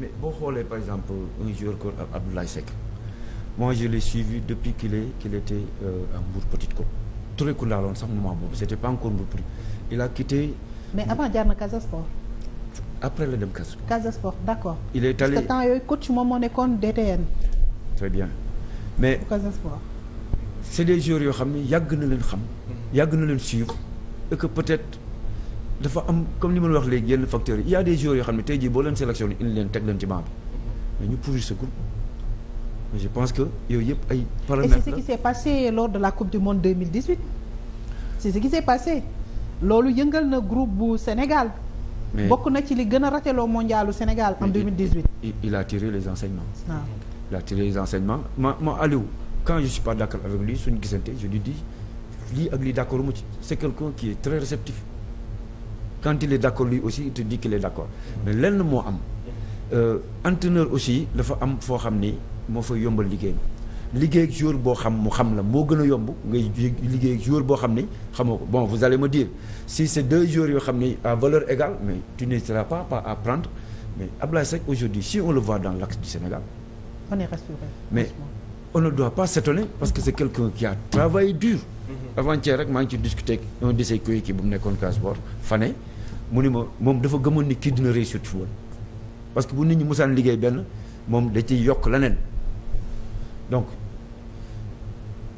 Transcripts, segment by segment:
mais boo xoolee par exemple un joueur comme Abdoulaye Seck moi je l'ai suivi depuis qu'il est qu'il était euh, à Mbour Petite Côte tureeku laa loon sax moment boobu c'était pas encore Mbour Petite il a quitté. mais avant jaar na Casa Sport. après la dem Casa Sport. Casa Sport d'accord. il est allé parce que temps nekkoon DTN. très bien mais Casa Sport. c'est des joueurs yoo xam ni yàgg na leen xam. yàgg na leen suivre et que peut dafa am comme li ma wax léegi yenn facteurs yi il y a yoo xam ne tey jii boo leen sélectionné indi leen teg leen ci bi mais ñu pourrir ce groupe mais je pense que yooyu yëpp ay paramètres la et c'est ce qui la coupe du monde 2018 c'est ce qui s'est passé loolu yëngal na groupe bu Sénégal. bokk na ci li gën a rateloo mondialu Sénégal en 2018. il il a tiré les enseignements. waaw il a tiré les enseignements ma ma Aliou quand je suis pas d'accord avec lui suñu gisante je lui dis lii ak lii d'accord mu quand il est d'accord lui aussi il te dit qu'il est d'accord mais lenn moo am euh, entraîneur aussi dafa am foo xam ni moo fa yombal liggéey liggéey ak joueur boo xam mu xam la moo gën a yomb ngay liggéey jour boo xam ni xamoo ko bon vous allez ma dire si c'est deux joueurs yoo xam ni à valeur égale mais tu n'hésiteras pas pas à prendre mais Ablaye Seck aujourd'hui si on le voit dans l'axe du Sénégal on mais on doit pas s'étonner parce que c'est quelqu'un qui a travaillé dur mm-hmm. avant rek maa ngi ci discuter ak un de ses coéquipiers bu mu nekkoon Casbor Fane mu ni ma moom dafa gëmoon ni kii dina réussir ci football parce que bu nit ñi musaan liggéey benn moom da ciy yokk leneen donc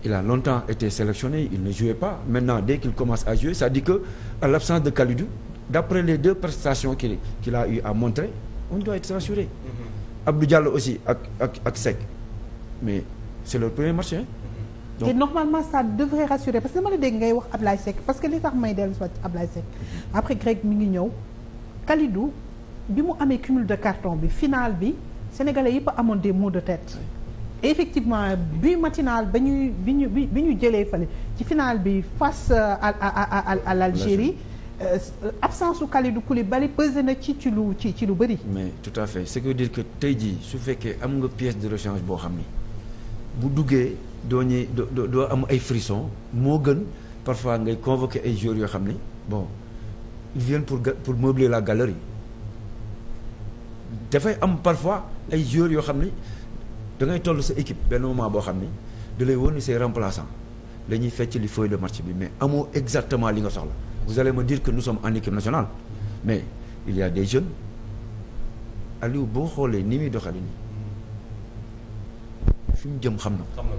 il a longtemps été sélectionné il ne jouait pas maintenant dès qu'il commence à jouer c'est-à-dire que à l'absence de Kalidou d'après les deux prestations qu'il qu'il a eu à montrer on doit être rassuré. Mm-hmm. aussi ak ak ak Seck mais c'est leur premier match donc te normalement ça devrait rassurer parce que dama a dégg ngay wax Ablaye Seck parce que li tax may dellu soit Ablaye Seck après Greg mu ngi ñëw Kalidou bi mu amee cumule de carton bi final bi sénégalais yëpp amoon des maux de tête. effectivement bi matinal ba ñuy bi ñu bi ñu jëlee fale ci final bi face euh, à à à à, à l'Algérie. Euh, absence su Kalidou na ci ci lu ci ci lu bëri. mais tout à fait ce qui dire que tey jii su fekkee am nga pièce de rechange boo xam ni. bu duggee doo ñëw doo doo am ay frisson moo gën parfois ngay convoquer ay joueurs yoo xam ni bon ils viennent pour pour meubler la galerie dafay am parfois ay joueurs yoo xam ni da ngay sa équipe benn moment boo xam ni da lay wóor ni say dañuy fecc li feuille de match bi mais amoo exactement li nga soxla vous allez me dire que nous sommes en nationale mais il des jeunes Aliou boo xoolee ni muy doxalee nii. fi mu jëm xam na ko